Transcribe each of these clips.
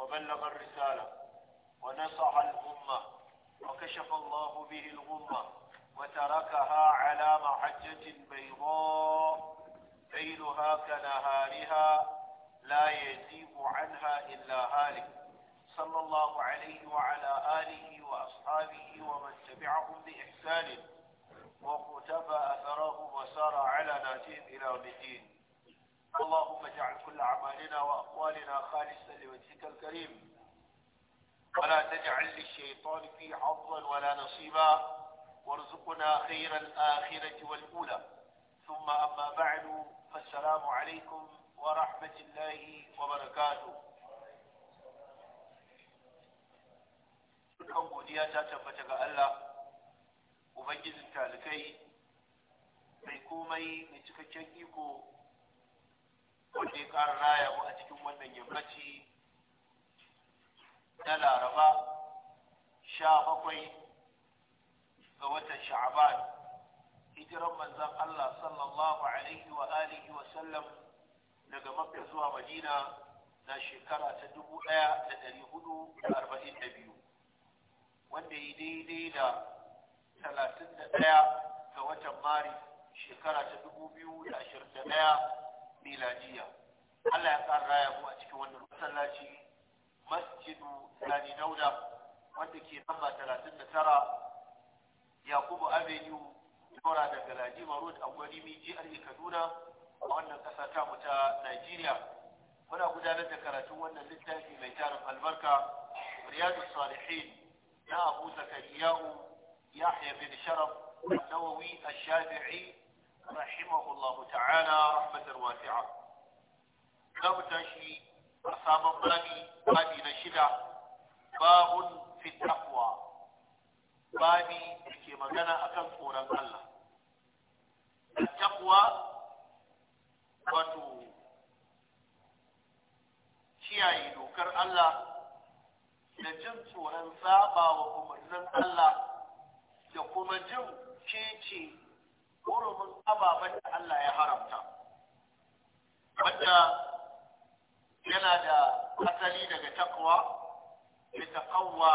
وبلغ الرسالة ونصح الأمة وكشف الله به الغمة وتركها على محجة بيضاء ليلها كنهارها لا يزيغ عنها إلا هالك صلى الله عليه وعلى آله وأصحابه ومن تبعهم بإحسان وقتب أثرهم وسار على ناتهم إلى الدين اللهم اجعل كل أعمالنا وأقوالنا خالصه لوجهك الكريم ولا تجعل للشيطان في حظا ولا نصيبا وارزقنا خير الآخرة والأولى ثم أما بعد فالسلام عليكم ورحمة الله وبركاته kan godiya ta tabbata ga Allah ubangijin talikai mai komai mai cikakken iko wanda ya ƙara raya mu a cikin wannan yammaci na laraba sha bakwai ga watan sha'aban hijiran manzan Allah sallallahu alaihi wa alihi wa sallam daga makka zuwa madina na shekara ta dubu ɗaya da ɗari hudu da arba'in da biyu wanda ya daidai da talatin da ɗaya ga watan maris shekara ta dubu biyu da ashirin da ɗaya jiya. Allah ya ƙara raya mu a cikin wannan masallaci masjidu Sani Dauda wanda ke namba tara. Yakubu Avenue Daura da Galadima Road a gwari Miji Arki Kaduna a wannan ƙasa ta mu ta Najeriya muna gudanar da karatun wannan littafi mai tarin albarka Riyadu Salihin na Abu Zakariyahu Yahya bin Sharaf النووي الشافعي رحمه الله تعالى رحمة واسعة كم تشي أصاب بابي بابي نشدة باب في التقوى بابي كي مغانا أكن صورا الله التقوى wato kiyaye dokar Allah da jin tsoron saba wa umarnin Allah da kuma jin kece hurumin ababen da Allah ya haramta wanda yana da asali daga takwa da taqawwa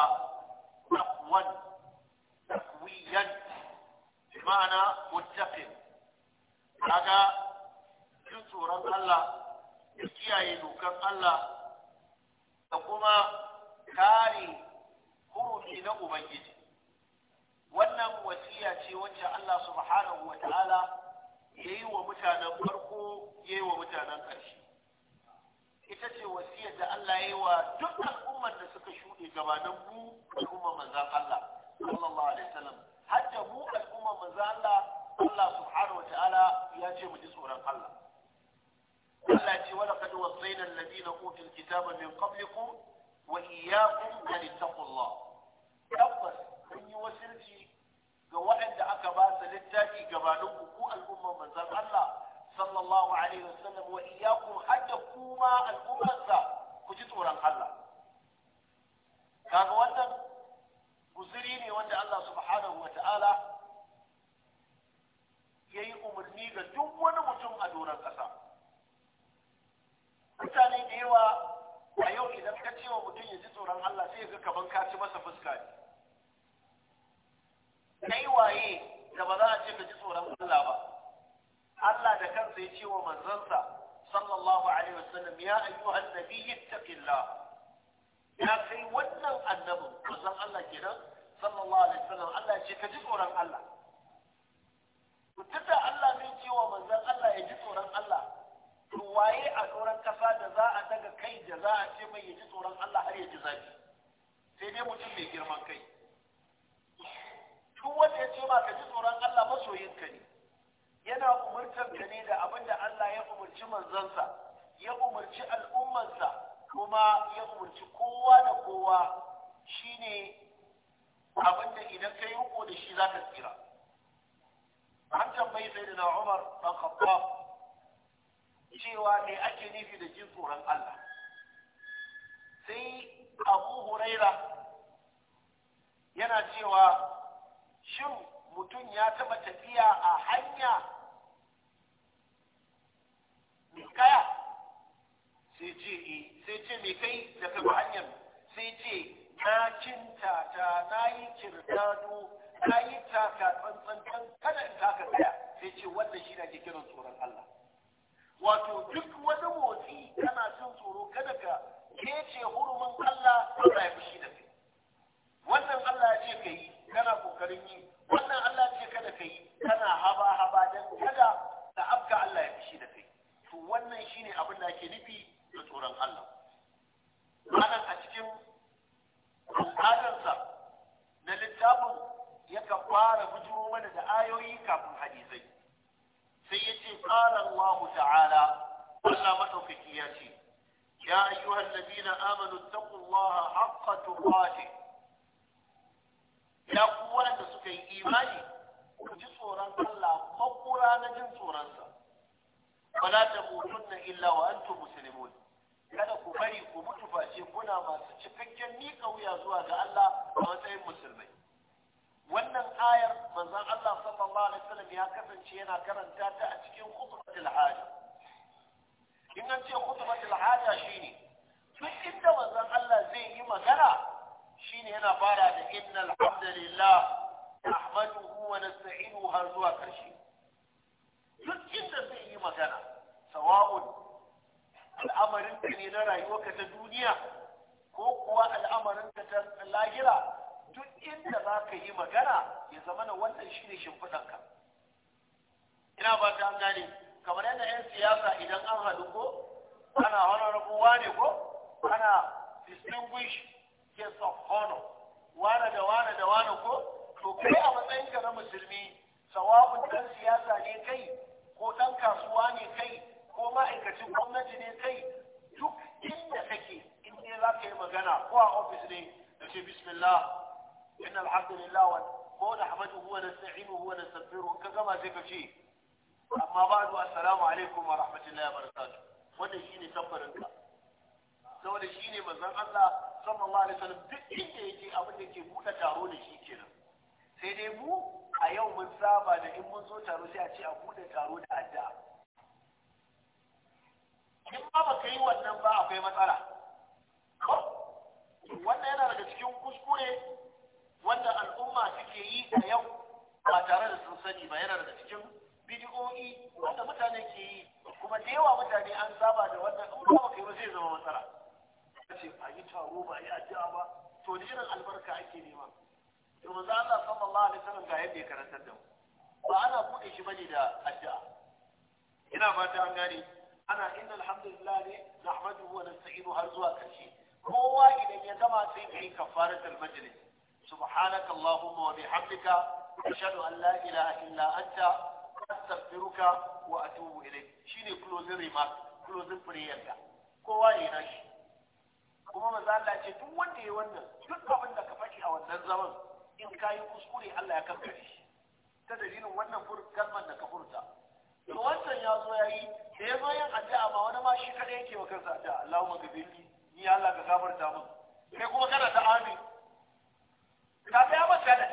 taqwan taqwiyan ma'ana muttaqin kaga jin tsoron Allah da kiyaye dokan Allah da kuma kare hurumi na Ubangiji wannan wasiya ce wacce Allah subhanahu wata'ala ya yi wa mutanen farko ya yi wa mutanen ƙarshe ita ce wasiyar da Allah ya yi wa duk al'ummar da suka shuɗe gabanin mu al'ummar manzan Allah sallallahu alaihi wasallam mu al'ummar manzan Allah Allah subhanahu wata'ala ya ce mu ji tsoron Allah Allah ce wala kad wasaina ladina utul kitaba min qablikum wa iyyakum an taqullaha tabbas kun yi wasirci ga waɗanda aka ba su littafi gabanin ku ku al'umman manzon Allah sallallahu alaihi wasallam wa iyyakum hadda kuma al'ummarsa ku ji tsoron Allah kaga wannan guzuri ne wanda Allah subhanahu wa ta'ala ya yi umarni ga duk wani mutum a doron ƙasa mutane da yawa a yau idan ka ce wa mutum ya ji tsoron Allah sai ga kaman ka ci masa fuska ne kai waye da ba za a ce ka ji tsoron Allah ba Allah da kansa ya ce wa manzansa sallallahu alaihi wasallam ya ayyuha annabi ittaqillah ya kai wannan annabin kusan Allah kenan sallallahu alaihi wasallam Allah ya ce ka ji tsoron Allah tunda Allah zai ce wa manzon Allah ya ji tsoron Allah to waye a tsoron ƙasa da za a daga kai da za a ce mai ya ji tsoron Allah har ya ji zafi umarci manzansa ya umarci al'ummansa kuma ya umarci kowa da kowa shine abinda idan ka yi da shi za ka tsira an tambayi sai da na umar ɗan khattab cewa ne ake nufi da jin tsoron allah sai abu huraira yana cewa shin mutum ya taɓa tafiya a hanya kaya sai ce eh, sai ce me kai da ka hanyar sai ce na cinta ta na yi kirdado na yi taka tsantsan kada in taka kaya sai ce wannan shi na ke kiran tsoron Allah wato duk wani motsi kana cin tsoro kada ka kece hurumin Allah Allah ya shi da kai wannan Allah ya ce ka yi kana kokarin yi wannan Allah ya ce kada ka yi kana haba haba dan kada da abu. wannan shine abin da ake nufi da tsoron Allah malam a cikin al'adarsa na littafin yakan fara bujiro mana da ayoyi kafin hadisai sai ya ce qala Allah ta'ala Allah madaukaki ya ce ya ayyuhal ladina amanu taqullaha haqqa tuqatih ya ku wanda suka yi imani ku ji tsoron Allah makura na jin tsoronsa fala tamutunna illa wa antum muslimun kada ku bari ku mutu face kuna masu cikakken miƙa wuya zuwa ga Allah a matsayin musulmai wannan ayar manzon Allah sallallahu alaihi wasallam ya kasance yana karanta ta a cikin khutbatul haja in an ce khutbatul haja shine duk inda manzon Allah zai yi magana shine yana fara da innal hamdalillah nahmaduhu wa nasta'inuhu har zuwa karshe duk inda zai yi magana sawa'un al'amarinka ne na rayuwarka ta duniya ko kuwa al'amarinka ta lahira duk inda za ka yi magana ya zama na wannan shi ne shimfiɗanka ina ba ta gane kamar yadda 'yan siyasa idan an haɗu ko ana honorable ne ko ana distinguish case of honor wane da wane da wane ko to kai a matsayinka na musulmi sawa'un ɗan siyasa ne kai ko ɗan kasuwa ne kai ko ma'aikacin gwamnati ne kai duk inda kake in ne za ka yi magana ko a ofis ne da ce bismillah inna alhamdulillah wa ko da hamadu huwa nasta'inuhu wa nastaghfiruhu ka gama sai ka ce amma ba ba'du assalamu alaikum wa rahmatullahi wa barakatuh wannan shine tabbarin ka saboda shine manzon Allah sallallahu alaihi wasallam duk inda yake abin da ke buɗe taro da shi kenan sai dai mu a yau mun saba da in mun zo taro sai a ce a buɗe taro da addu'a in ba ba ka yi wannan ba akwai matsala wannan yana daga cikin kuskure wanda al'umma suke yi a yau ba tare da sun sani ba yana daga cikin bidi'o'i. wanda mutane ke yi kuma da yawa mutane an saba da wannan in ba ba ka yi ba zai zama matsala ce a yi taro ba yi addu'a ba to da irin albarka ake nema to manzo Allah sallallahu alaihi wasallam ga yadda ya karantar da mu ba ana buɗe shi bane da addu'a ina fata an gane ana inna alhamdulillah ne nahmaduhu wa nasta'inu har zuwa karshe kowa idan ya gama sai kai kafaratul majlis subhanaka allahumma wa bihamdika ashhadu an la ilaha illa anta astaghfiruka wa atubu ilayk shine closing remark closing prayer ka kowa ne na shi kuma manzo Allah ce duk wanda ya wannan duk abin da ka faɗi a wannan zaman in kayi kuskure Allah ya kankare shi ta dalilin wannan kalmar da ka furta to wancan ya zo ya yi da ya zo yin addu'a ba wani ma shi kaɗai yake wa kansa addu'a Allahumma gafirli ni Allah ka gafarta min kai kuma kana ta amin ka ga ba ka da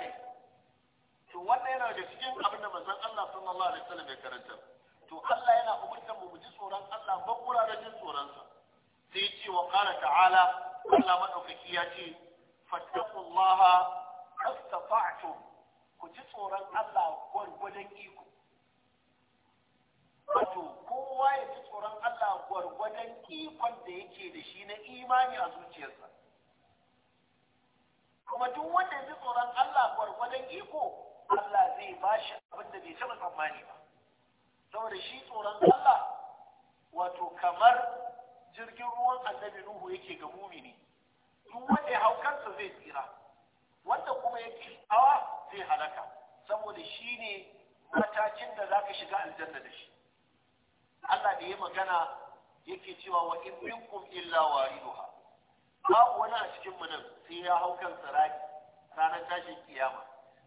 to wannan yana da cikin abin da manzon Allah sallallahu alaihi wasallam ya karanta to Allah yana umurtar mu ji tsoron Allah ba kura da jin tsoron sa sai ce wa qala ta'ala Allah madaukaki ya ce fattaqullaha astata'tum ku ji tsoron Allah gwargwadon iko wato kowa ya ji tsoron Allah gwargwadon ikon da yake da shi na imani a zuciyarsa kuma duk wanda ya ji tsoron Allah gwargwadon iko Allah zai ba shi abin da bai taɓa tsammani ba saboda shi tsoron Allah wato kamar jirgin ruwan annabi Nuhu yake ga mumini duk wanda ya hau kansa zai tsira wanda kuma yake hawa zai halaka saboda shi ne matakin da za ka shiga aljanna da shi Allah da ya magana yake cewa wa in minkum illa wariduha babu wani a cikin mu nan sai ya hau kan sirati ranar tashin kiyama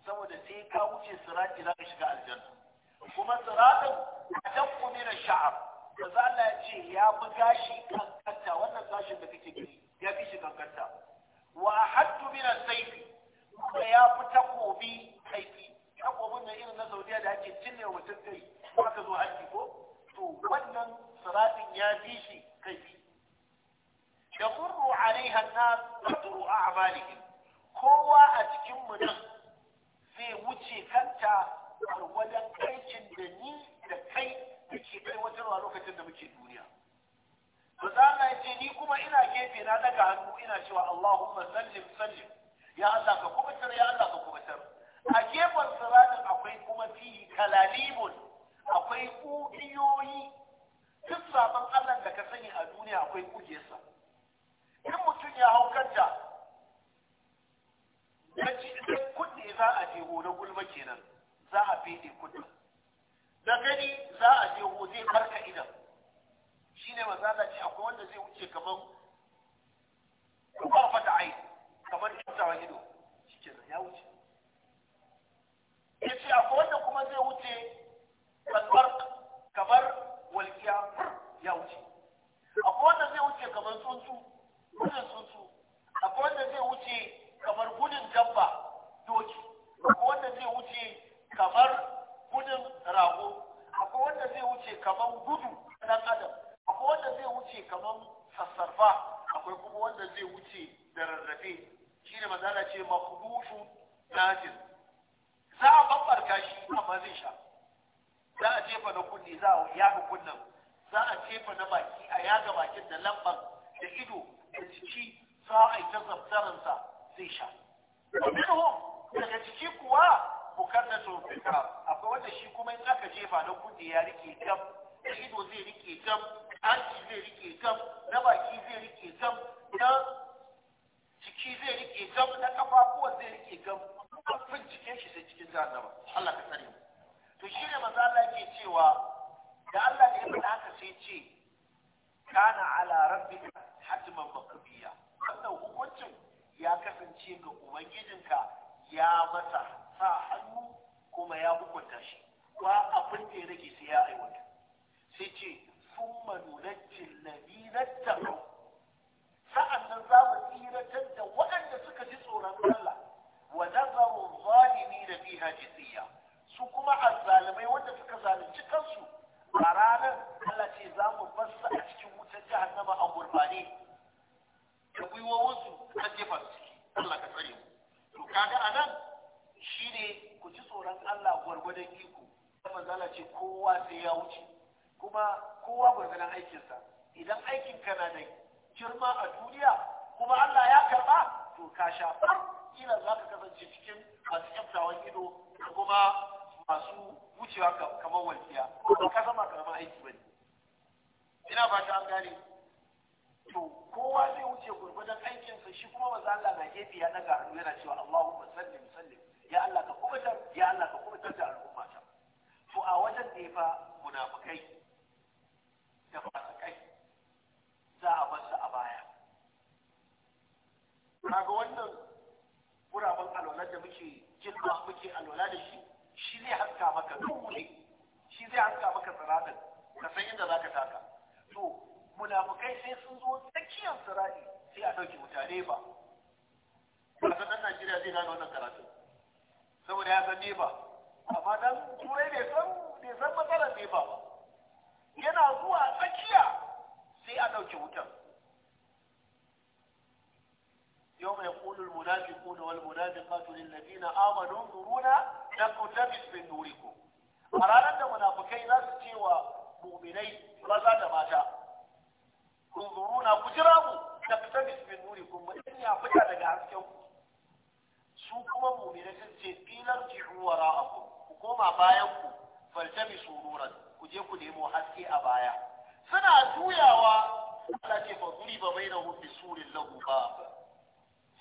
saboda sai ka wuce sirati za ka shiga aljanna kuma siratin adabbu min ash da kaza Allah ya ce ya bi gashi kankanta wannan gashin da kake gani ya fi shi kankanta wa ahaddu min as-sayf kuma ya fi takobi kaifi takobin nan irin na Saudiya da ake cinne mutum kai ka zo haji ko to wannan siratin ya bi shi kai Da furu alaiha an-nas qadru a'malihim kowa a cikin mu nan zai wuce kanta wajen aikin da ni da kai da ke wa lokacin da muke duniya ba za ce ni kuma ina gefe na daga hannu ina cewa Allahumma sallim sallim ya Allah ka kubutar ya Allah ka kubutar a gefen siratin akwai kuma fi kalalibun akwai ƙugiyoyi duk sabon Allah da ka sani a duniya akwai ƙugiyarsa in mutum ya hau kanta ɗan kudi za a je na gulma kenan za a fede kuɗi da gani za a je zai barka idan shi ne maza ce akwai wanda zai wuce kamar a ranar da munafukai za su ce wa mu'minai maza da mata unzuruna ku jira mu da fita bismin nurikum mu in ya fita daga hasken su kuma mu'minai sun ce filar ji'u wara'akum ku koma bayan ku faltamisu nuran ku je ku nemo haske a baya suna juyawa Allah ce fa bai bainahum bisurin lahu ba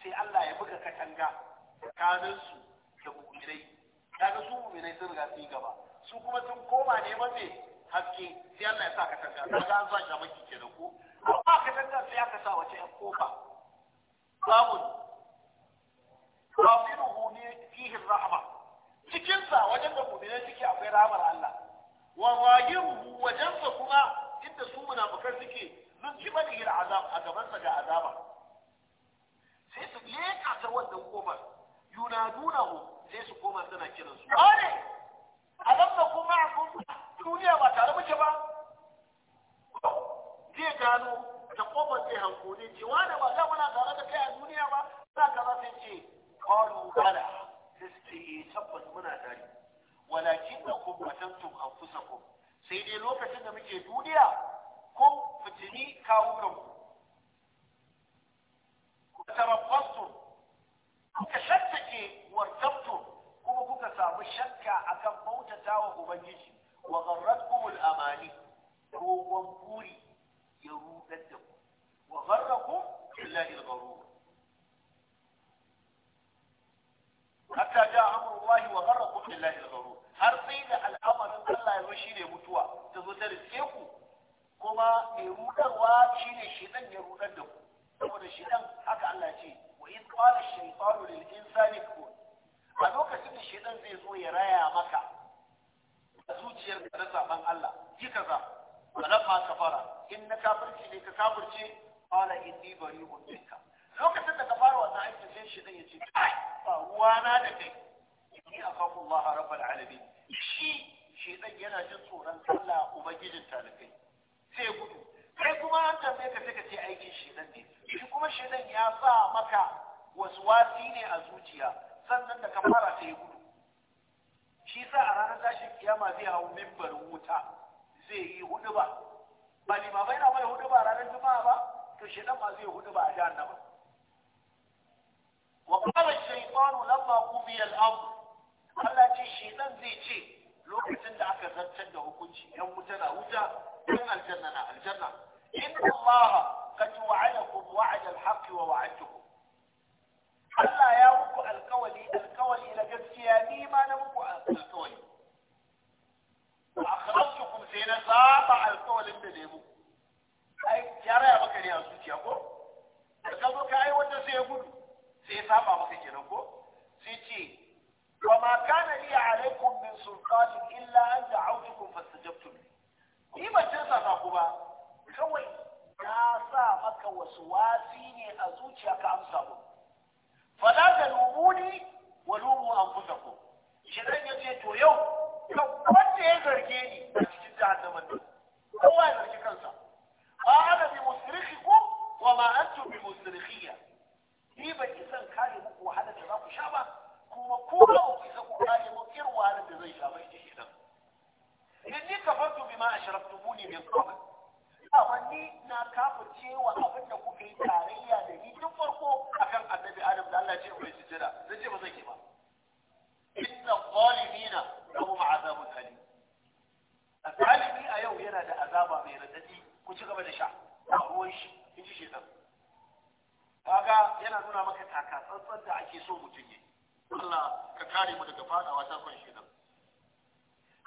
sai Allah ya buga katanga tsakaninsu da mu'minai kaga su ne sun riga sun gaba su kuma sun koma ba ne haske sai Allah ya sa ka tanga ga an sa ka maki ke da ku amma ka tanga sai aka sa wace ƴan kofa babu babu ne fihi rahma cikin sa wajen da ne suke akwai rahmar Allah wa wajibu wajen sa kuma inda su munafikan suke mun ji bani azab a gaban sa ga azaba sai su leka ta wannan kofar hu sai su koma suna kiran su ne alam na kuma a kun duniya ba tare muke ba zai gano da kofar sai hankali ce wani ba za muna tare da kai a duniya ba za ka za su ce kalu bala sai su ce eh tabbas muna tare walakin da kun kusa anfusakum sai dai lokacin da muke duniya kun fitini kawukanku تربصتم وكشتك وارتبتم kuka samu shakka akan bautatawa ubangiji wa gharratkumul amani ko wan buri in na kafirci ne ka kafirce ala inni bari'un minka lokacin da ka fara wannan aikin sai shi dan yace kai ba ruwana da kai inni akhafu Allah rabbul alamin shi shi dan yana jin tsoron Allah ubangijin talakai sai gudu kai kuma an ne ka sai ka ce aikin shi dan ne shi kuma shi dan ya sa maka waswasi ne a zuciya sannan da ka fara sai gudu shi sa a ranar tashin kiyama zai hau mimbar wuta zai yi hudu ba ba limamai na bai hudu ba ranar juma'a ba to shi nan ma zai hudu ba a jahannama wa qala shaytanu lamma qudiya al-amr Allah ce shi nan zai ce lokacin da aka zartar da hukunci yan wuta na wuta yan aljanna na aljanna inna Allah qad wa'adakum wa'ada al-haqqi wa wa'adtukum Allah ya muku alkawali alkawali na gaskiya ni ma na muku alkawali wa akhrajtukum sai na saba alƙawalin da nemo ai ya raya maka ne a zuciya ko da ka zo ka wanda sai ya gudu sai ya saba maka kenan ko sai ce وما كان لي عليكم من سلطان إلا أن دعوتكم فاستجبتم لي ni ban canza ku ba kawai Ya sa maka wasu wasi ne a zuciya ka amsa mu fala da lumuni wa lumu an fusa ku shirin ce to yau kan wanda ya zarge ni Ka jahannaman nan kowa ya zargi kansa ma ana bi musrikhikum wa ma antum bi musrikhiya ni ba ki san kare muku wahala da za ku sha ba kuma ko ba ku isa ku kare mu irin wahala da zai sha ba shi kenan inni kafartu bima ashraftumuni min qabl amma ni na kafa cewa abin da kuka yi tarayya da ni tun farko akan annabi adam da Allah ya ce ku yi sujada zan ce ba zai ki ba inna zalimina lahum azabun alim zalimi a yau yana da azaba mai radadi ku ci gaba da sha a ruwan shi in ji shedan kaga yana nuna maka taka tsantsan da ake so mutum yi Allah ka kare mu daga fadawa ta kan nan.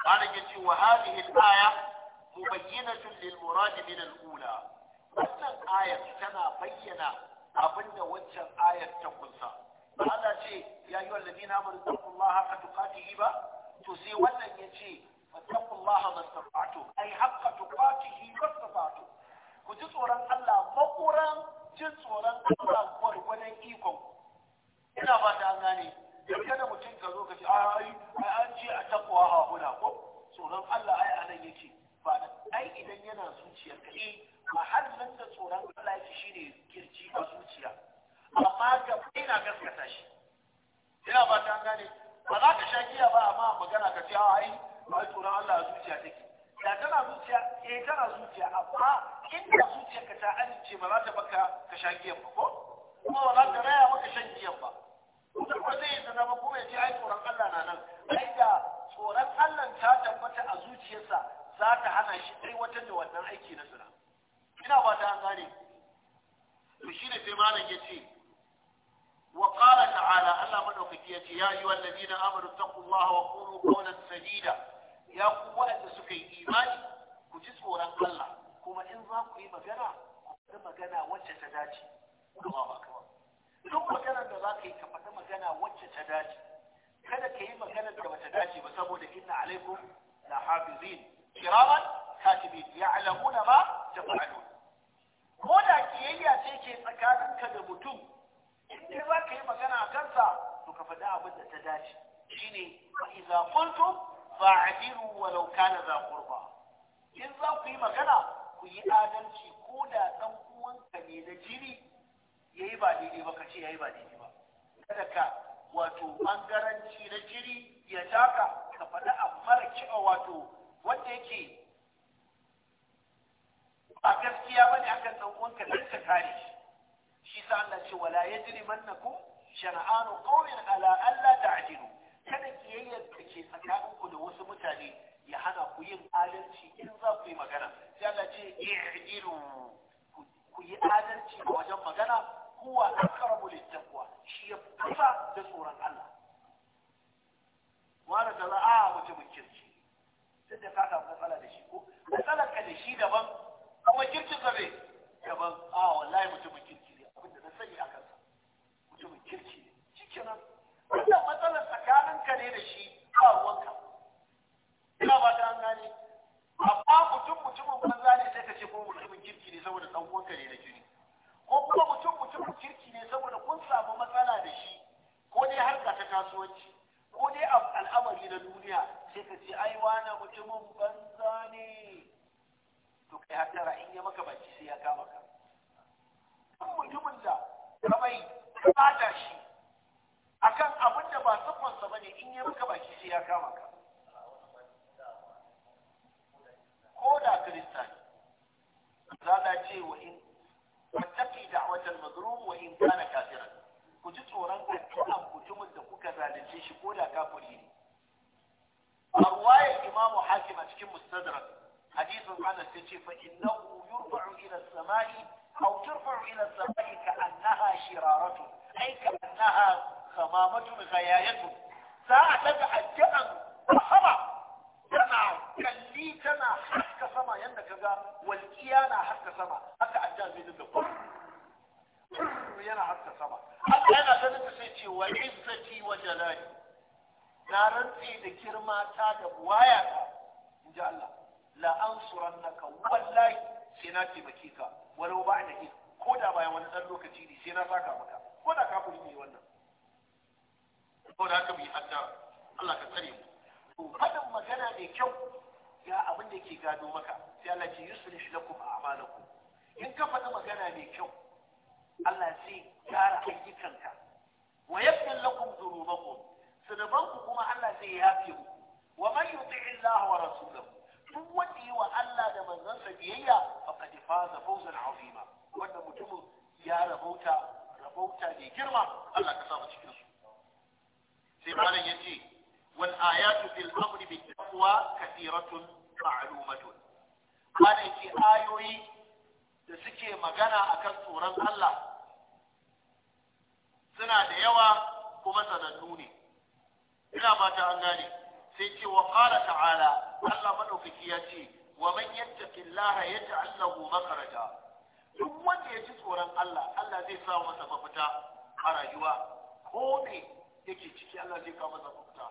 malam yace wa hadhihi al-aya mubayyinatun lil murad min al-ula wannan ayar tana bayyana abinda waccan ayar ta kunsa ba Allah ce ya yi na amanu taqullaha haka tuqatihi ba to sai wannan ya ce. فاتقوا الله ما استطعتم اي حق تقاته ما استطعتم كجي صورا الله مقرا جي صورا الله ورغنا إيكم إلا بعد أن غاني يمكن متين كذوك أي أنجي a هنا صورا الله أي Tsoron يكي ai idan yana zuciyar ka eh mahallin da tsoron Allah yake shine kirji a zuciya amma ga ina gaskata shi ina ba ta gane ba za ka sha giya ba amma magana ka ce a ai ba tsoron Allah a zuciya take da tana zuciya eh tana zuciya amma inda ka ta amince ba za ta baka ka sha giyan ba ko kuma ba za ta raya maka shan giyan ba mutum ba zai zana ba kuma ya ce ai tsoron Allah na nan ai da tsoron Allah ta tabbata a zuciyarsa za ta hana shi aiwatar da wannan aiki na zina ina ba ta an gane to shi ne sai malam ya ce وقال تعالى ألا من أكتيت يا أيها الذين آمنوا اتقوا الله وقولوا قولا سديدا ya ku waɗanda suka yi imani ku ji tsoron Allah kuma in za ku yi magana ku faɗi magana wacce ta dace Allahu akbar duk magana da za ka yi ka faɗi magana wacce ta dace kada ka yi magana da bata dace ba saboda inna alaikum la hafizin kiraman katibin ya alamuna ma taf'alun ko da kiyayya ce ke tsakaninka da mutum in dai za ka yi magana a kansa to ka faɗi abin da ta dace shine fa iza qultum fa'adilu walau kana za qurba in za ku yi magana ku yi adalci ko da ɗan uwanka ne jiri ya yi ba daidai ba ya yi ba daidai ba kada ka wato ɓangaranci na jiri ya taka ka faɗa a mara kiɓa wato wanda yake ba gaskiya ba ne akan dan uwanka dan ka kare shi shi sa Allah ce wala yajrimannakum shan'anu qawmin ala alla ta'dilu kada kiyayyar da ke tsakaninku da wasu mutane ya hana ku yin adalci in za ku yi magana sai Allah ce i'dilu ku yi adalci a wajen magana huwa aqrabu littaqwa shi ya kusa da tsoron Allah wanda da za a mutumin kirki sai da ka samu matsala da shi ko matsalar ka da shi daban kuma kirkin ka bai daban a wallahi mutumin kirki ne abinda na sani a kansa mutumin kirki ne shi Allah tsakanin ka ne da shi ba wanka ina ba ta gane amma mutum mutumin banza ne sai ka ce ko mutumin kirki ne saboda dan uwanka ne da jini ko kuma mutum mutumin kirki ne saboda kun samu matsala da shi ko dai harka ta kasuwanci ko dai al'amari na duniya sai ka ce ai wani mutumin banza ne to kai haddara in ya maka baki sai ya kama ka mutumin da kamai ka bata shi akan abin da ba siffarsa ba ne in yi maka baki sai ya kama ka ko da kirista ne za ta ce wa in wattaki da'watal mazlum wa in kana kafiran ku ji tsoron addu'an mutumin da kuka zalunce shi ko da kafiri ne a ruwayar imamu hakim a cikin mustadrak hadisin anas ya ce fa innahu yurfa'u ila as-sama'i aw turfa'u ila as-sama'i ka'annaha shiraratu ay samamatun ghayayatun za a daga addu'an sama tana kalli tana haska sama yadda ka ga. walƙiya na haska sama haka addu'a zai dinga fur yana haska sama haka yana ganin da sai ce wa izzati wa jalali na rantsi da girma ta da waya ta in ji Allah la ansurannaka wallahi sai na taimake ka walau ba'da ko da bayan wani ɗan lokaci ne sai na saka maka ko da ka kuri ne ko da haka mu yi haddara Allah ka tsare mu to fadin magana mai kyau ya abin da ke gado maka sai Allah ce yuslih lakum a'malakum in ka faɗi magana mai kyau Allah sai gyara ayyukanka wa yaghfir lakum dhunubakum sanabanku kuma Allah sai ya yafe ku wa man yuti Allah wa rasulahu duk wanda yi wa Allah da manzansa biyayya faqad faza fawzan azima wanda mutumin ya rabauta rabauta mai girma Allah ka sa mu cikin su sai malam ya ce wal ayatu fil amri bit taqwa kathiratun ma'lumatun ana ce ayoyi da suke magana akan tsoron Allah suna da yawa kuma sanannu ne ina fata an gane sai ce wa qala ta'ala Allah madaukaki ya ce wa man yattaqillaha yaj'al makhraja duk wanda ya ci tsoron Allah Allah zai sa masa mafita a rayuwa ko ne yake ciki Allah zai kawo masa mafita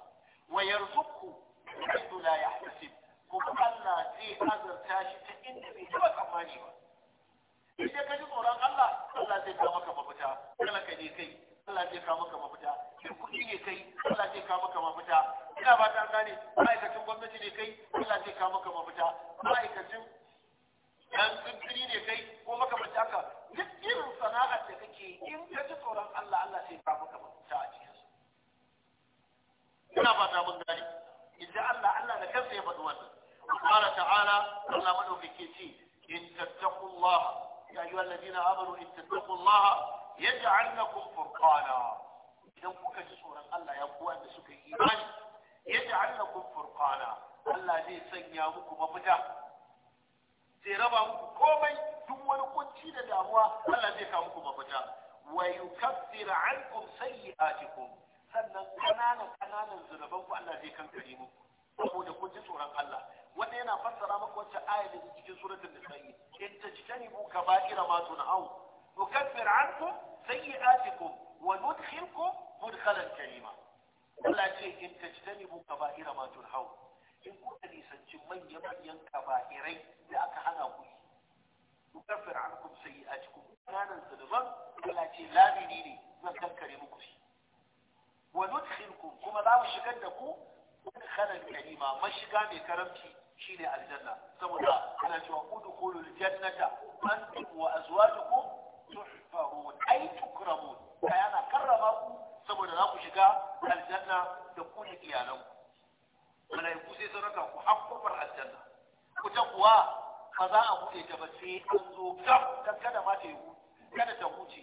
wa yarzuqu haythu la yahtasib kuma Allah zai azarta shi ta inda bai taba tsammani ba idan ka ji tsoron Allah Allah zai kawo maka mafita kana ka je kai Allah zai kawo maka mafita in kuɗi ne kai Allah zai kawo maka mafita ina ba ta gane ma'aikacin gwamnati ne kai Allah zai kawo maka mafita ma'aikacin dan tsibiri ne kai ko maka mafita ka duk irin sana'ar da kake in ka ji tsoron Allah Allah sai ina ba ta mun gani idan Allah Allah da kansa ya faɗi wannan qala ta'ala Allah madaukake ce in tattaqullah ya ayyuha alladhina amanu in tattaqullah yaj'al lakum furqana idan kuka ji tsoron Allah ya kuwa da suka yi imani yaj'al lakum furqana Allah zai sanya muku mafita Zai raba muku komai duk wani kunci da damuwa Allah zai kawo muku mafita wa yukaffiru ankum sayyi'atikum sannan kananan kananan zunuban ku Allah zai kankare muku saboda kun ji tsoron Allah wanda yana fassara maka wacce aya da cikin suratul nisa'i in ta tajtanibu kaba'ira ma tun'au nukaffir ankum sayyi'atikum wa nudkhilkum mudkhalan karima Allah ce in ta tajtanibu kaba'ira ma tun'au in kuka nisanci manyan manyan kaba'irai da aka hana ku nukaffir ankum sayyi'atikum kananan zunuban Allah ce lamini ne zan kankare muku shi wa nudkhilkum kuma za mu shigar da ku mudkhalan karima shiga mai karamci shine aljanna saboda ana cewa udkhulul jannata antum wa azwajukum tuhfarun ay tukramun kai ana karrama ku saboda za ku shiga aljanna da ku da iyalanku malaiku sai sun raka ku har aljanna ku ta kuwa ba za a buɗe ta ba sai an zo gab dan kada ma ta yi kada ta huce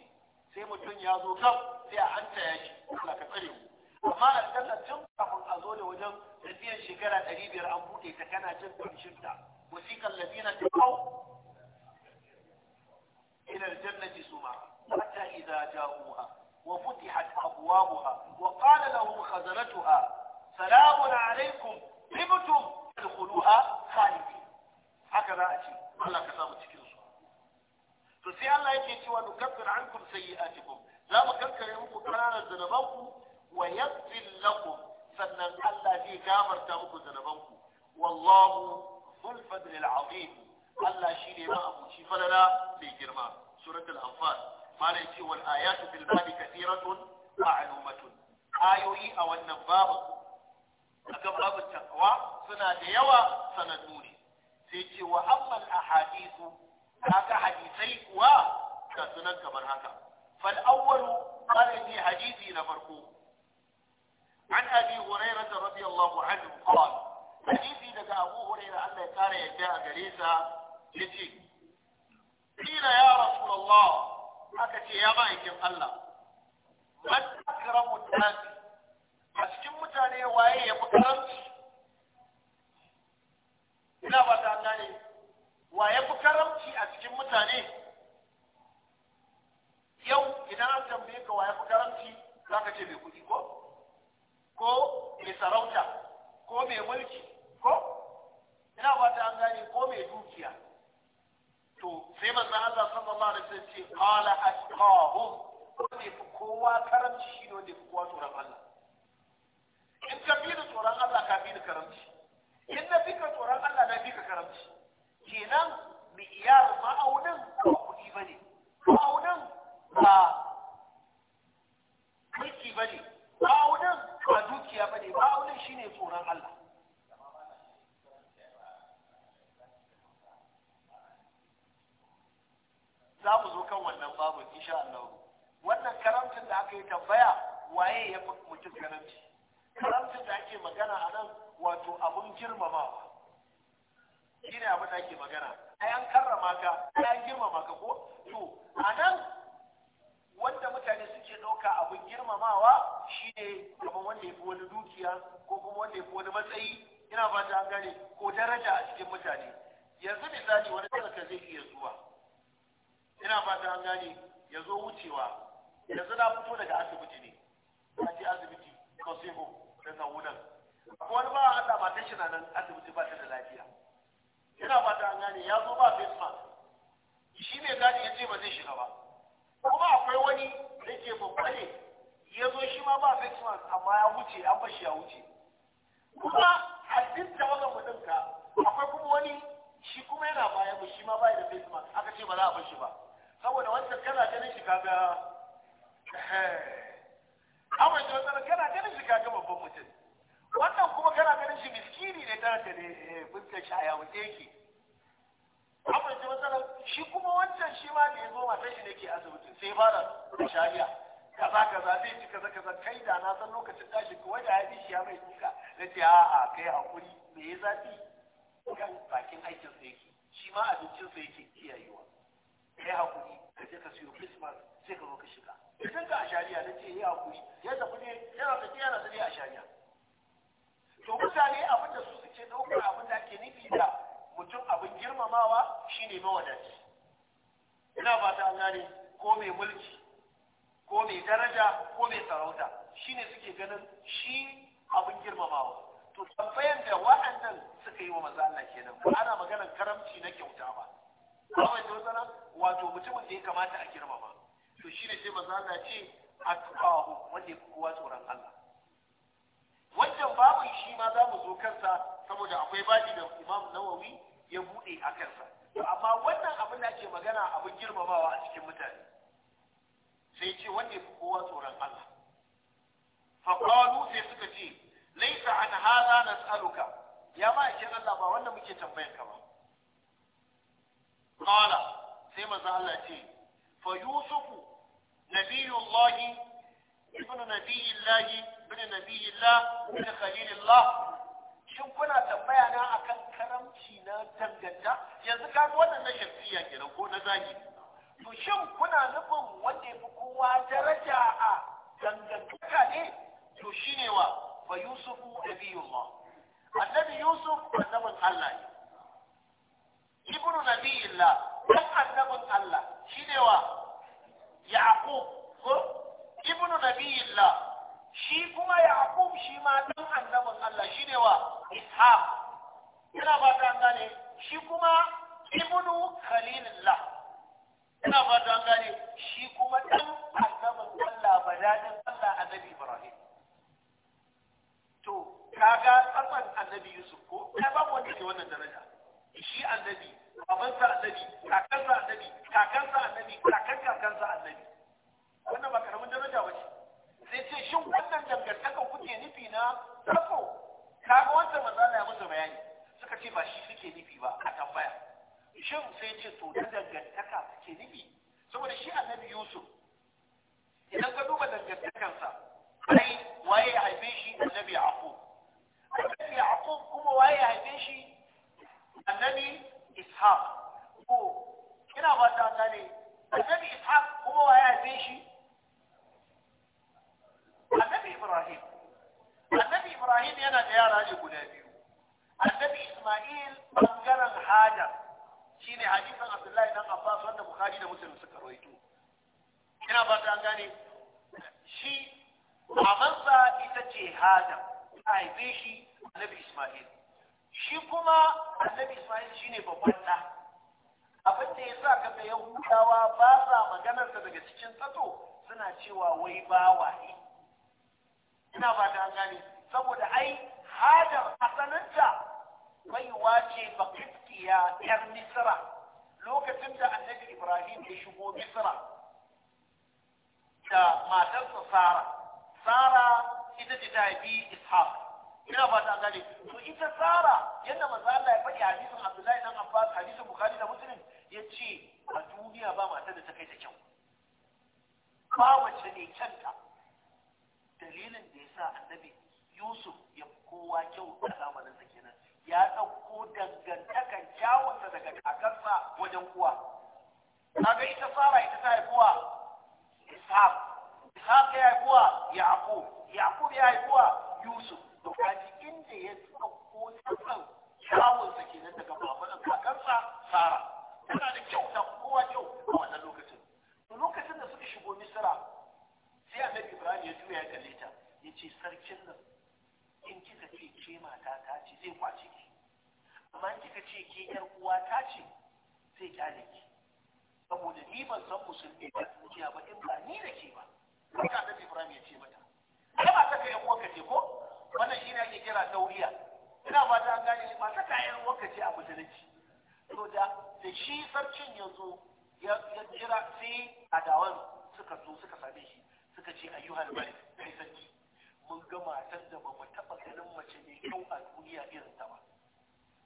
sai mutum ya zo gab tsaya an taya shi Allah ka tsare mu amma aljanna tun kafin a zo da wajen tafiyar shekara ɗari biyar an buɗe ta kana jin ƙamshin ta wasiƙan lazina ta kau ila aljannati suma hatta idza ja'uha wa futihat abwabuha wa qala lahum khazanatuha salamun alaykum tibtum tadkhuluha khalidin haka za a ce Allah ka samu cikin su to sai Allah yake cewa nukaffir ankum sayyi'atikum za mu kankare muku ƙananan zanabanku wa yaghfir lakum sannan Allah zai gafarta muku zanabanku wallahu dhul fadl al azim Allah shine ma abuci falala mai girma suratul anfal mala yace wal ayatu bil babi kathiratun ma'lumatun ayoyi a wannan babu akan babu takwa suna da yawa sanaduni. ne sai ce wa amma al ahadithu kaga hadisai kuwa Ka sunan kamar haka فالأول قال لي حديثي نفركو عن أبي هريرة رضي الله عنه قال حديثي لك أبو هريرة أن كان يدعى جليسا يجي قيل يا رسول الله أكتي يا مايكم الله من أكرم الناس أسكن متاني وأي مكرمت ina ba ta gane wa ya fi karamci a cikin mutane magana a yan karrama ka a yan girmama ka ko to anan wanda mutane suke ɗauka abin girmamawa shine kamar wanda ya fi wani dukiya ko kuma wanda ya fi wani matsayi ina ba ta gane ko daraja a cikin mutane yanzu misali wani talaka zai iya zuwa ina ba ta gane ya zo wucewa yanzu na fito daga asibiti ne a ce asibiti ko sai ko da ko wani ba a haɗa ba ta shi nan asibiti ba ta da lafiya ba fata an gane ya zo ba face mask shi ne gani ya ce ba zai shiga ba kuma akwai wani da ke babba ne ya zo shi ma ba face mask amma ya wuce an bashi ya wuce kuma a duk mutum mutunka akwai kuma wani shi kuma yana baya ba shi ma baya da face mask aka ce ba za a shi ba saboda wancan kana ganin shi kaga eh, amma shi wancan kana ganin shi ga babban mutum wannan kana ganin shi miskini ne tare da ne eh, fuskar shi a yawuce yake abin da matsalar shi kuma wancan shi ma da ya zo matan shi ne ke asibiti sai fara da shariya. kaza kaza zai ci kaza kaza kai da na san lokacin tashi kuwa da ya shi ya mai tuka na ce a'a kai hakuri me ya zaɓi? kan bakin aikin sa yake shi ma abincin sa yake kiyayewa kai hakuri ka je ka siyo christmas sai ka zo ka shiga idan ka a shariya na ce ya hakuri ya tafi ne yana tafiya na tafiya a shariya. to mutane abin da su suke ɗaukar abin da ake nufi da mutum abin girmamawa shine mawadaci ina ba ta gane ko mai mulki ko mai daraja ko mai sarauta shine suke ganin shi abin girmamawa to tambayan da wa'annan suka yi wa maza Allah kenan ba ana maganar karamci na kyauta ba kawai da wata wato mutumin da ya kamata a girmama to shine sai maza Allah ce a atqahu wanda ya kowa tsoron Allah wannan babin shi ma za mu zo kansa saboda akwai baji da imam nawawi ya buɗe a kansa amma wannan abin da ake magana abin girmamawa a cikin mutane sai ce wanda fi kowa tsoron Allah faƙalu sai suka ce laisa an hada ka. ya ma ake Allah ba wannan muke tambayar ka ba qala sai manzo Allah ce fa yusufu nabiyullahi ibnu nabiyillahi bin nabiyillah bin khalilillah shin kuna tambaya na akan karamci na danganta yanzu ka ga wannan na shafiya kenan ko na zagi to shin kuna nufin wanda ya fi kowa daraja a dangantaka ne to shine wa fa yusufu nabiyullah annabi yusuf annabin Allah ne ibnu nabiyillah dan annabin Allah shine wa yaqub ko ibnu nabiyillah shi kuma yaqub shi ma dan annabin Allah shine wa ishaq ina ba ta gane shi kuma ibnu khalilullah ina ba ta gane shi kuma dan annabin Allah badadin Allah annabi ibrahim to kaga tsarman annabi yusuf ko kai ba wanda ke wannan daraja shi annabi babansa annabi kakansa annabi kakansa annabi kakan kakansa annabi wannan ba karamin daraja ba ce dangantakan kuke nufi na Ka ga wancan manzala ya musu bayani suka ce ba shi suke nufi ba a tambaya shin sai ce to na dangantaka suke nufi saboda shi annabi yusuf idan ka duba dangantakansa ai waye ya haife shi annabi yaqub annabi yaqub kuma waye ya haife shi annabi ishaq ko ina ba ta gane annabi ishaq kuma waye ya haife shi annabi ibrahim annabi ibrahim yana da yara ne guda biyu annabi isma'il bangaren hajar shine hadisin abdullahi dan abbas wanda bukhari da muslim suka rawaito ina ba ta gane shi mamansa ita ce hajar ta haife shi annabi isma'il shi kuma annabi isma'il shine babban da abin da ya sa ka ga yahudawa ba sa maganarsa daga cikin tsato suna cewa wai bawaye ina ba ta gane saboda ai hajar asalinta baiwa ce bakiftiya yar misra lokacin da annabi ibrahim ya shigo misra da matarsa sara sara ita ce ta haifi ishaq ina ba ta gane to ita sara yadda manzo Allah ya faɗi hadisin Abdullahi dan Abbas hadisin Bukhari da Muslim ce, a duniya ba matar da ta kai da kyau ba wacce ne kyanta dalilin da ya sa annabi yusuf ya kowa kyau a zamanin sa kenan ya ɗauko dangantakan kyawunsa daga kakansa wajen kuwa kaga ita fara ita ta haifuwa ishaq ishaq ya haifuwa yaqub yaqub ya haifuwa yusuf to kaji inda ya ɗauko tsakan kyawunsa kenan daga baban kakansa sara tana da kyau ta kowa kyau a wannan lokacin to lokacin da suka shigo misira sarkin nan in kika ce ke mata ta ce zai kwace ki amma in kika ce ke yar uwa ta ce zai kyale ki saboda ni ban san musulmi da ba in ba ni da ke ba haka da Ibrahim ya ce mata kai ba ta kai uwanka ce ko wannan shi ne ake kira tauriya ina ba ta gane ba ta kai uwanka ce a musulunci to da da shi sarkin ya zo ya kira sai adawan suka zo suka same shi suka ce ayyuhal malik kai sarki mun ga matan da ba mu taɓa ganin mace mai kyau a duniya irin ta ba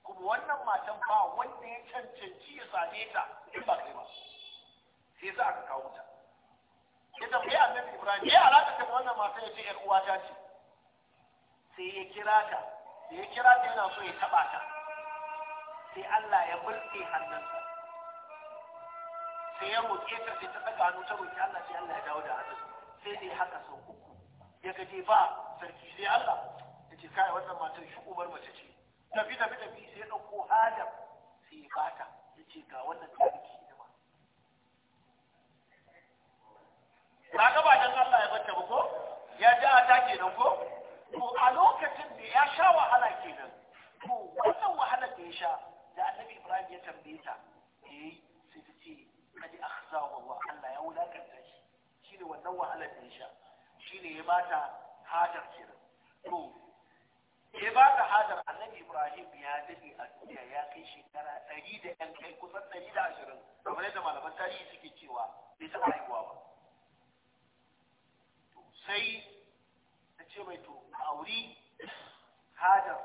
kuma wannan matan ba wanda ya cancanci ya same ta in ba kai ba sai sa aka kawo ta ya tambayi annabi ibrahim ya alaƙa ta wannan matan ya ce yar uwa ta ce sai ya kira ta sai ya kira ta yana so ya taɓa ta sai Allah ya bulɗe hannunsa sai ya roƙe ta sai ta saka hannu ta roƙi Allah sai Allah ya dawo da hannunsa sai dai haka sau uku ya ga dai sarki sai Allah ya ce kai wannan matar shi umar mace ce tafi tafi tafi sai ɗauko hada sai ya bata ya ce ga wannan sarki ne ma ba ga ba Allah ya bata ba ko ya ji a take nan ko to a lokacin da ya sha wahala kenan to wannan wahalar da ya sha da annabi Ibrahim ya tambaye ta eh sai ta ce kadi akhzahu Allah ya wulakanta shi ne wannan wahalar da ya sha shine ya bata hajar kenan to ya bata hajar annabi ibrahim ya dade a duniya ya kai shekara ɗari da yan kai kusan ɗari da ashirin kamar yadda malaman tarihi suke cewa bai taɓa haihuwa ba sai ta ce mai to auri hajar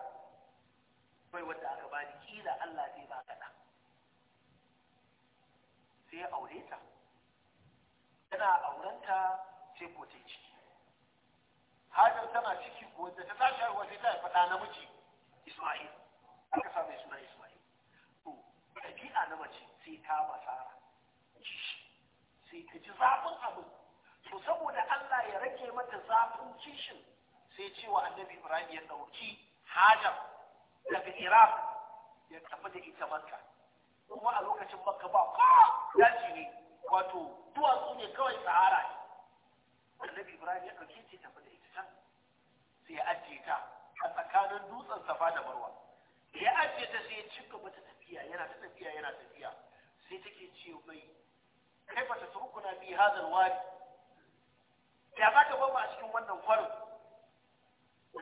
bai wanda aka bani kila Allah zai ba kaɗa sai ya aure ta tana aurenta sai ko ta hajar tana ciki wadda ta tashi haihuwa sai ta haifa ɗa namiji Isma'il aka sa mai suna Isma'il to ɗabi'a na mace sai ta basara sai ta ji zafin abin to saboda Allah ya rage mata zafin kishin sai cewa annabi Ibrahim ya ɗauki hajar daga Iraq ya tafi da ita Makka kuma a lokacin Makka ba ko daji ne wato duwatsu ne kawai sahara ne annabi Ibrahim ya ɗauki sai ya ajiye ta a tsakanin dutsen safa da marwa ya ajiye ta sai ya ci gaba ta tafiya yana ta tafiya yana tafiya sai take ce mai kai ba ta turkuna bi hadal wadi ya ba ka bamu a cikin wannan kwarin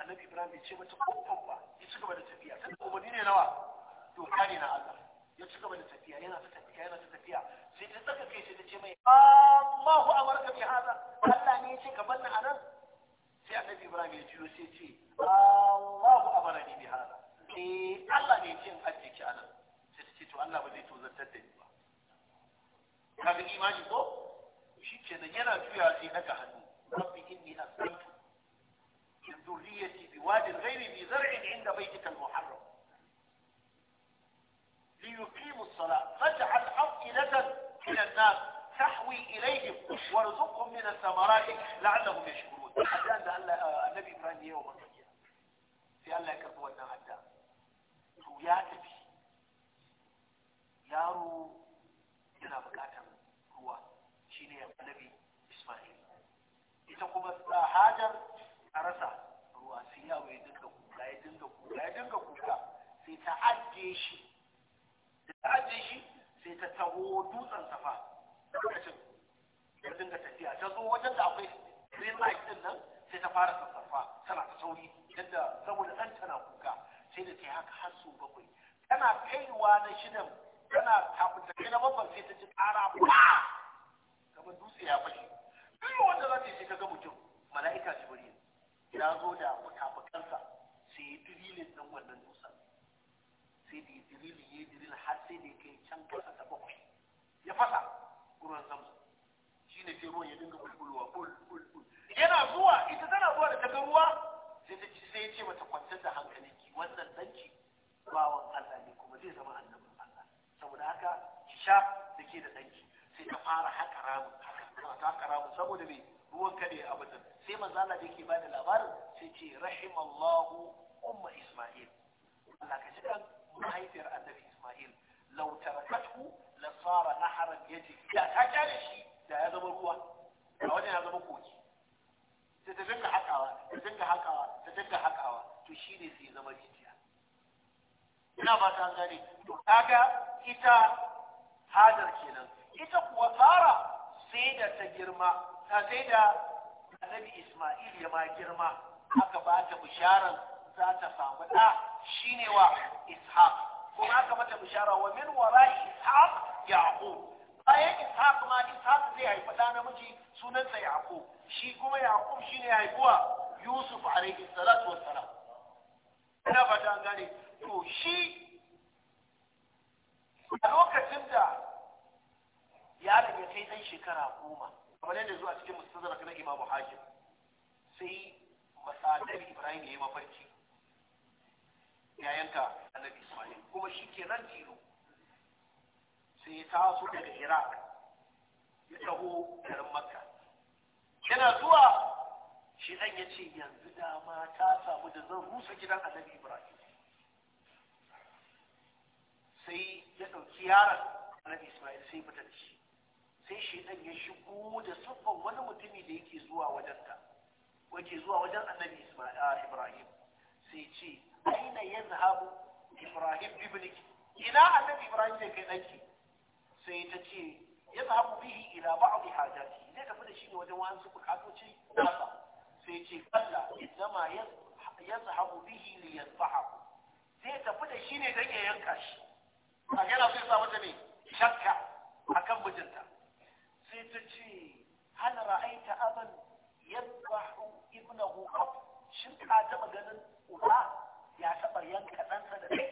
annabi ibrahim bai ce mata kofan ba ya ci gaba da tafiya tana umarni ne nawa To kare na allah ya ci gaba da tafiya yana ta tafiya yana ta tafiya sai ta tsaka kai sai ta ce mai allahu amarka bi hada allah ne ya ce ka bar ni a nan سيأتي إبراهيم الجيوسي الله أمرني بهذا الله نيتين أجيك أنا ستتو الله بذي توزتت دنبا kaga imani ko shi kenan yana juya sai daga hannu rabbi inni aslamtu min dhurriyyati biwadin ghairi bi zar'in 'inda baytika al-muharram ليقيموا الصلاة فاجعل أفئدة من الناس تحوي إليهم وارزقهم من الثمرات لعلهم يشكرون addu'an da Allah eh, annabi Ibrahim ya yi wa masa sai Allah ya karɓi wannan hadda. to ya tafi yaro yana buƙatar ruwa shine annabi Isma'il ita kuma eh, Hajar a rasa ruwa sai yawo ya dinga kuka ya dinga kuka ya dinga kuka sai ta ajiye shi ta ajiye shi sai ta taho dutsen safa lokacin ya dinga tafiya ta zo wajen da akwai green light din nan sai ta fara sassafa tana da sauri yadda saboda ɗan tana kuka sai da ta yi haka har su bakwai tana kaiwa na shidan tana tafuta kai na babban sai ta ji ƙara ba kamar dutse ya fashe duk wanda za ta yi ta ga mutum mala'ika bari ya zo da fukafukansa sai ya dirilin nan wannan dutsen sai da ya dirilin ya yi dirilin har sai da ya kai can kasa ta bakwai ya fasa ruwan zamzam shine sai ruwan ya dinga bulbulwa yana zuwa ita tana zuwa da taga ruwa sai ta ci sai ya ce mata kwantar da hankalinki wannan danki bawan Allah ne kuma zai zama annabin Allah saboda haka ki sha da ke da danki sai ta fara haka ramin haka ta haka ramin saboda me ruwan yi a batun sai manzala da yake bada labarin sai ce rahimallahu umma isma'il Allah ka ji mahaifiyar annabi isma'il law tarakathu la sara nahran yaji da ta kyale shi da ya zama ruwa a wajen ya zama koki sai ta dinga hakawa ta dinga hakawa ta dinga hakawa to shi ne sai zama rijiya ina ba ta gane to kaga ita hadar kenan ita kuwa tsara sai da ta girma ta sai da annabi Ismail ya ma girma aka ba ta bisharar za ta samu ɗa shine wa Ishaq kuma aka mata bishara wa min wara'i Ishaq Yaqub bayan ishaq ma ishaq zai haifi da namiji sunansa yaqub shi kuma yaqub shine haifuwa yusuf alaihi salatu wassalam ina fata an to shi a lokacin da yaron ya kai ɗan shekara goma kamar yadda zuwa cikin mustadrak na imamu hakim sai masadari ibrahim ya yi mafarki ya yanka annabi ismail kuma shi ke nan tilo sai ta taso daga iraq ya taho garin makka yana zuwa shi ɗan ya ce yanzu dama ta samu da zan rusa gidan annabi ibrahim sai ya ɗauki yaron annabi ismail sai fita da shi sai shi ɗan ya shigo da siffan wani mutumi da yake zuwa wajen ta wake zuwa wajen annabi Isma'il? ibrahim sai ce aina yanzu zahabu ibrahim biblik ina annabi ibrahim zai kai ɗanki sai ta ce ya zahabu bihi ila ba'd hajati zai tafi da shi ne wajen wasu bukatoci nasa sai ce kalla zama ya zahabu bihi li yasbahu zai tafi da shi ne don ya yanka shi a yana sai sa mata ne shakka akan mijinta sai ta ce hal ra'aita aban yadbahu ibnahu qab shin ka taba ganin uba ya taba yanka ɗansa da kai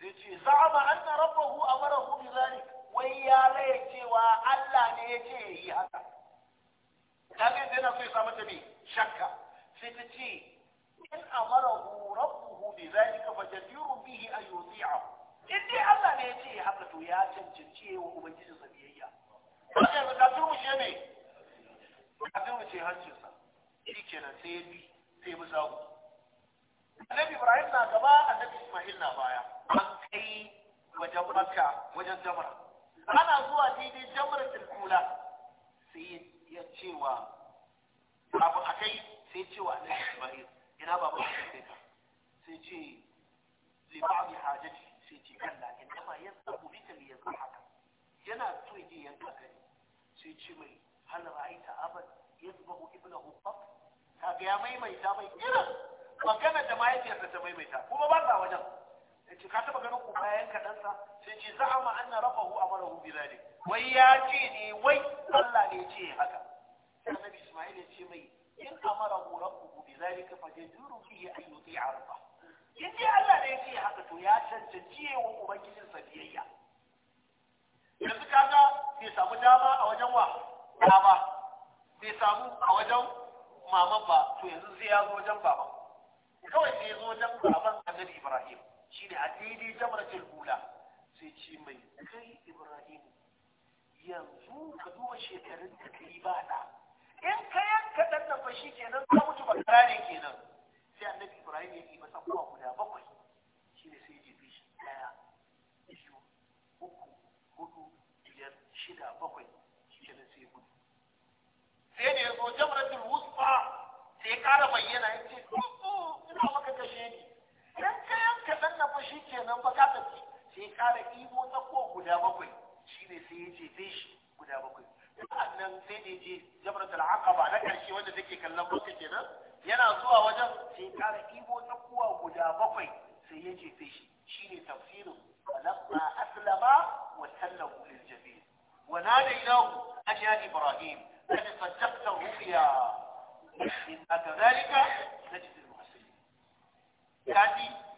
sai ce za'ama anna rabbahu amarahu bi zalik wai ya laye cewa Allah ne ya ce ya yi haka kaga yanzu yana so ya samu ta ne shakka sai ta ce in amarahu rabbuhu bi zalika fa jadirun bihi an yuti'ahu in dai Allah ne ya ce haka to ya cancanci wa ubangiji sa biyayya kaga yanzu ka turmushe ne ka turmushe hancinsa shi kenan sai ya bi sai bi zagu annabi ibrahim na gaba annabi isma'il na baya an kai wajen makka wajen jama'a ana zuwa daidai jamratul kula sai ya cewa abu akai sai cewa annabi Ismail ina babu kai ka sai ce li ba'd hajati sai ce kalla inna ma yasabu bika li haka, yana so ya je yanka kai sai ce mai hal ra'aita abad yasbahu ibnahu qat kaga ya maimaita mai irin magana da mahaifiyarsa ta maimaita kuma ba ta wajen ce ka taba ganin ku bayan kaɗansa sai ce za'ama anna a amarahu bi zalik wai ya ce ne wai Allah ne ce haka sai annabi Isma'il ya ce mai in amarahu rabbuhu bi zalika fa jaduru bihi an yuti'a rabbah in dai Allah ne ya ce haka to ya cancanci wa ubangijin sa biyayya yanzu kaga bai samu dama a wajen wa Baba, bai samu a wajen maman ba to yanzu sai ya zo wajen baba. kawai sai ya zo wajen baban annabi Ibrahim shine a daidai jamratul ula sai ce mai kai ibrahim yanzu ka duba shekarun da kai ba da in ka yanka dan nan fa shikenan ka mutu ba ne kenan sai annabi ibrahim ya yi masa kuwa guda bakwai shine sai ya jefe shi daya biyu uku hudu biyar shida bakwai shikenan sai ya gudu sai da ya zo jamratul wusta sai ya kara bayyana ya ce ina maka kashe. kaɗan na fa shi kenan fa ka tafi sai ƙara ibo tsakuwa guda bakwai shi ne sai ya ce sai shi guda bakwai nan sai da je jabratul ba na ƙarshe wanda take kallon bakwai kenan yana zuwa wajen sai ƙara ibo tsakuwa guda bakwai sai ya ce sai shi shi ne tafsirin falamma aslama wa sallahu lil jabin wa nadainahu an ya ibrahim qad saddaqta ru'ya in aka zalika najid al-muhsinin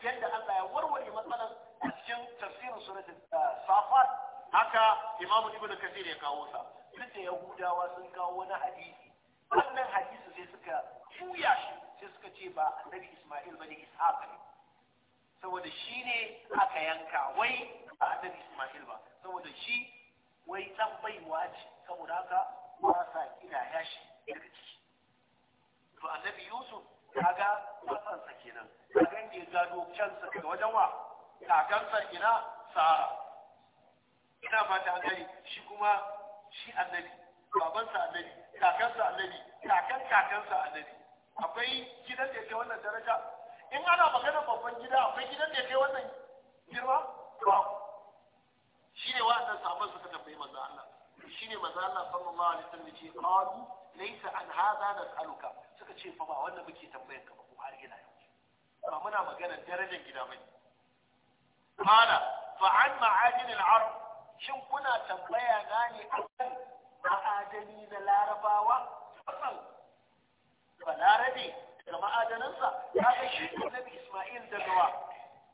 yadda Allah ya warware matsalar a cikin tafsirin suratul ah, safar. haka imamu ibnu kasir ya kawo sa duk yahudawa sun kawo wani hadisi wannan hadisi sai suka juya shi sai suka ce ba annabi isma'il bane ishaq ne saboda shi ne aka yanka wai ba annabi isma'il ba saboda shi wai dan ce saboda haka ba sa kira ya shi daga ciki to annabi yusuf kaga sa kenan kaga da ya gado kansa daga wajen wa kakansa ina sara ina fata gari shi kuma shi annabi babansa annabi kakansa annabi kakan kakansa annabi akwai gidan da ya kai wannan daraja in ana magana babban gida akwai gidan da ya kai wannan girma ba shi ne wa'annan sabon suka tambayi manzo Allah shi ne manzo Allah sallallahu alaihi wasallam ce qalu laysa an hadha nas'aluka suka ce fa ba wanda muke tambayan ka ba kuma har ila yau ba muna magana darajar gida bane qala fa an ma'adin al shin kuna tambaya na ne akan ma'adani na larabawa akan ba larabe da ma'adanansa kaga shi annabi isma'il da gawa.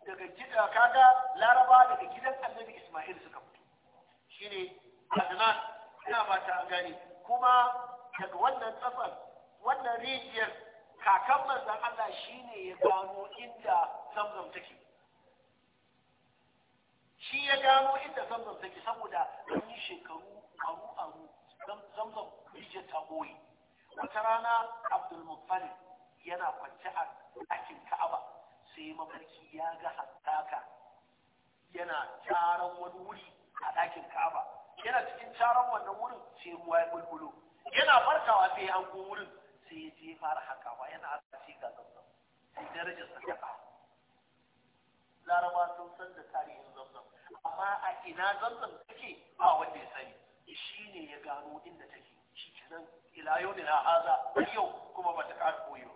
daga gida kaga laraba daga gidan annabi isma'il suka fito shine adnan ina ba ta gani kuma daga wannan tsafan wannan rijiyar kakan manzan Allah shi ne ya gano inda zamzam take shi ya gano inda zamzam take saboda an yi shekaru aru aru zamzam rijiyar ta boye wata rana abdul yana kwance a ɗakin ka'aba sai mafarki ya ga hattaka yana taron wani wuri a ɗakin ka'aba yana cikin caran wannan wurin sai ruwa ya bulbulo yana farkawa sai ya hango wurin sai ya je fara hakawa yana aka ce ga zamzam sai darajar sa ta ƙaru laraba sun san da tarihin zamzam amma a ina zamzam take ba wanda ya sani shi ne ya gano inda take shi kenan ila yau da na haza yau kuma ba ta ƙara koyo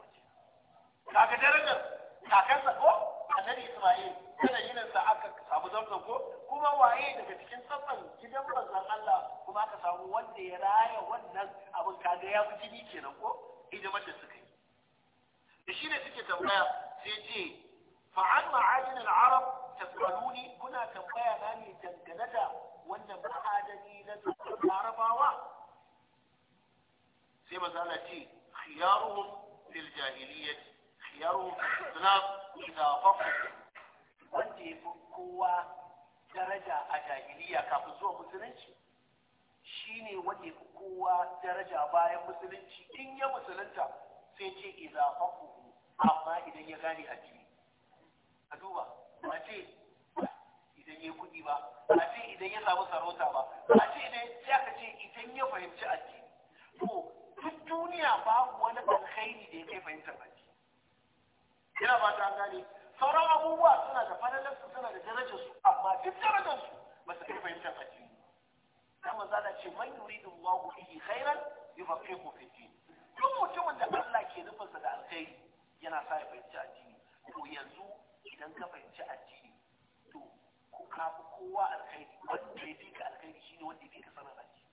ba kaga darajar kakansa ko annabi Isma'il kada yinin sa aka samu zamzam ko kuma waye daga cikin tsatsan gidan manzon Allah kuma aka samu wanda ya raya wannan abin kaga ya fi jini kenan ko hidimar da suka yi da shi ne suke tambaya sai ce fa'an ma'ajin al'arab tasaluni kuna tambaya na ne dangane da wannan ma'adani na tsoron larabawa sai mazala ce khiyaruhum lil jahiliyyah khiyaruhum fil islam idza faqu wanda fi kowa daraja a jahiliya kafin zuwa musulunci shine wanda ya kowa daraja bayan musulunci in ya musulunta sai ce iza faku amma idan ya gane addini a duba a ce idan ya kudi ba a ce idan ya samu sarauta ba a ce idan ya ka ce idan ya fahimci addini to duk duniya babu wani alkhairi da ya kai fahimtar addini Yana ba ta gane sauran abubuwa suna da fadalarsu suna da darajarsu amma duk darajarsu ba su kai fahimtar addini dan manzala ce man yuridu Allahu bihi khairan yufaqihu fi din duk mutumin da Allah ke sa da alkhairi yana sa ya fahimci addini to yanzu idan ka fahimci addini to ka fi kowa alkhairi wanda ya ka alkhairi shine wanda ya fi ka da addini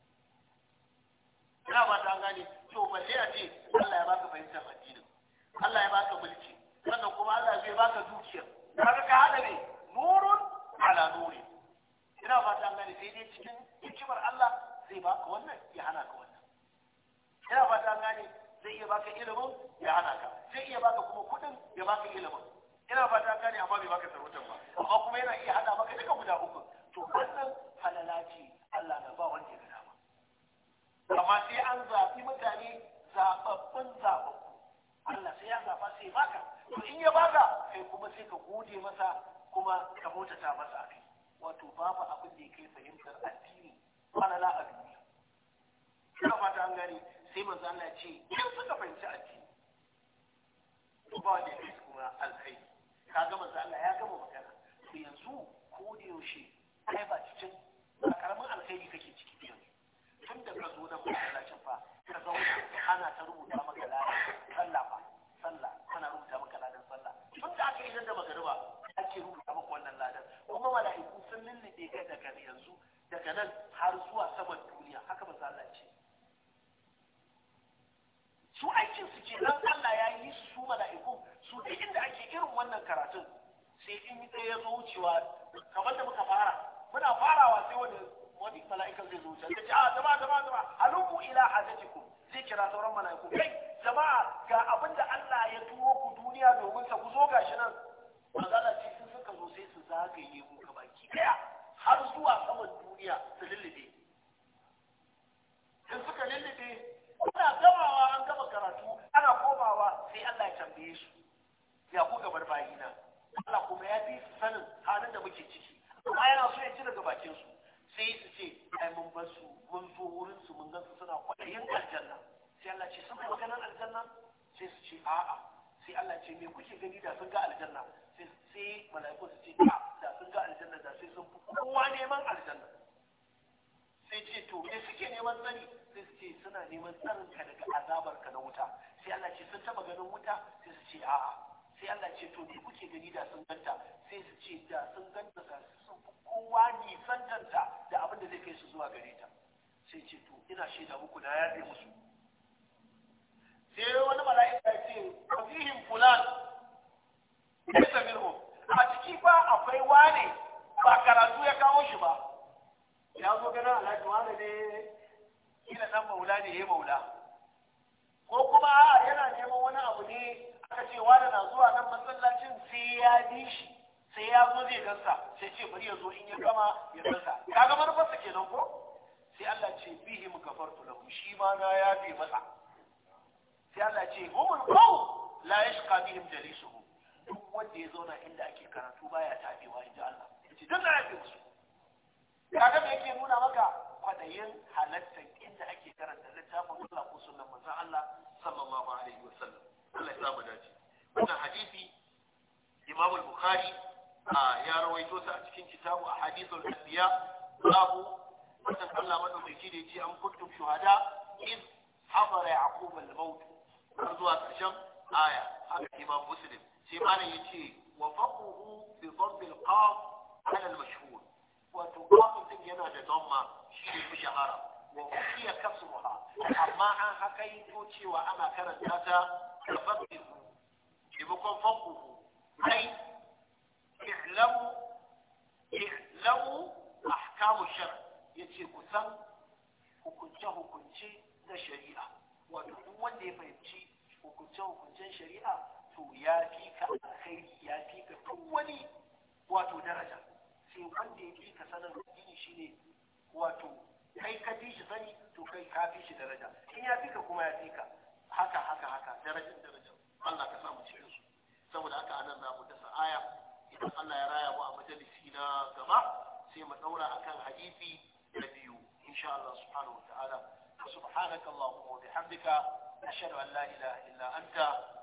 ina ba ta gane to ba sai a ce Allah ya baka fahimtar addinin Allah ya baka mulki sannan kuma Allah zai baka dukiya kaga ka hada ne ni'imar Allah zai baka wannan ya hana ka wannan ina ba ta gane zai iya baka ilimin ya hana ka zai iya baka kuma kudin ya baka ilimin ina ba ta gane amma bai baka sarautar ba amma kuma yana iya hada maka duka guda uku to wannan halala ce Allah na ba wanda ya dama amma sai an zaɓi mutane zaɓaɓɓun zaɓaɓɓu Allah sai ya zaɓa sai baka to in ya baka kai kuma sai ka gode masa kuma ka bautata masa akai wato babu abin da ya kai fahimtar addini kwana la a duniya fata an gani sai manzo Allah ce in suka fahimci addini to ba wanda ya kuma alkhairi kaga manzo Allah ya gama magana to yanzu ko da yaushe kai ba cikin ba karamin alkhairi kake ciki yanzu tun da ka zo da masallacin fa ka zauna ana ta rubuta maka lafiya sallah fa sallah Kana rubuta maka ladan sallah tun da aka yi da magariba ake rubuta maka wannan ladan kuma mala'iku sun lullube ka daga yanzu daga nan har zuwa saman duniya haka ba Allah ce su aikin su ke nan Allah ya yi su mala'iku su duk inda ake irin wannan karatun sai in ɗaya ya zo wucewa kamar da muka fara muna farawa sai wani wani mala'ikan zai zo wucewa ya ce a ah, jama'a jama'a jama'a halummu ila hajjatikum zai kira sauran mala'iku kai jama'a ga abin da Allah ya turo ku duniya domin sa ku zo gashi nan Ba manzala ce sun suka zo sai su zagaye mu gabaki daya har zuwa saman duniya iya su lullube Sun suka lullube ana gamawa an gama karatu ana komawa sai Allah ya tambaye su ya ku gabar bayina Allah kuma ya fi su sanin halin da muke ciki Kuma yana so ya ci daga bakin su sai su ce ai mun bar su mun zo wurin su mun gansu suna kwaɗayin aljanna sai Allah ce sun maganar aljanna sai su ce a'a sai Allah ce me kuke gani da sun ga aljanna sai sai mala'iku su ce ah, da sun ga aljanna da sai sun fi kowa neman aljanna sai ce to me suke neman tsari sai su ce suna neman tsarin ka daga azabar ka na wuta sai Allah ce sun taba ganin wuta sai su ce a'a sai Allah ce to me kuke gani da sun ganta sai su ce da sun ganta da kowa ni san tanta da abin da zai kai su zuwa gare ta sai ce to ina shaida muku na yaɗe musu sai wani mala'ika ya ce fihim fulan bisa minhum a ciki ba akwai wane ba karatu ya kawo shi ba ya zo gana alhaji wani ne kila nan maula ne ya maula ko kuma a yana neman wani abu ne aka ce wani na zuwa nan masallacin sai ya bi shi sai ya zo zai gansa sai ce bari ya zo in ya gama ya gansa ga manufarsa kenan ko sai Allah ce bihi kafartu lahu shi ma na yafe masa sai Allah ce humul qaw la yashqa bihim jalisuhum duk wanda ya zauna inda ake karatu baya tabewa inda Allah yace dan da yafe musu kaga me yake nuna maka kwadayin halattar inda ake karanta littafin Allah ko sunan manzon Allah sallallahu alaihi wasallam Allah ya samu dace wannan hadisi Imam al-Bukhari ya rawaito sa a cikin kitabu a hadithul anbiya babu wannan Allah madaukaki da yace an kuntum shuhada in hadara yaqub al-maut har zuwa karshen aya haka Imam Muslim sai malam yace wa faquhu bi dhabb al-qaf ala al-mashhur wa tuqaf yana da zamma shi ne shahara wa ukiya kasuwa? amma an haka yi to cewa ana karanta ta tafaddihu maimakon fankuhu ai i'lamu i'lamu ahkamu shar Ya ce kusan hukunce hukunce na shari'a wato duk wanda ya fahimci hukunce hukuncen shari'a to ya fi ka alkhairi ya fi ka duk wani wato daraja sai wanda ya fi ka sanin shine wato kai ka fi shi sani to kai ka fi shi daraja in ya fika kuma ya fika haka haka haka darajar darajar Allah ka samu cikin su saboda haka anan za mu dasa aya idan Allah ya raya mu a majalisi na gaba sai mu daura akan hadisi na biyu insha Allah subhanahu wa ta'ala subhanakallahumma wa bihamdika ashhadu an la ilaha illa anta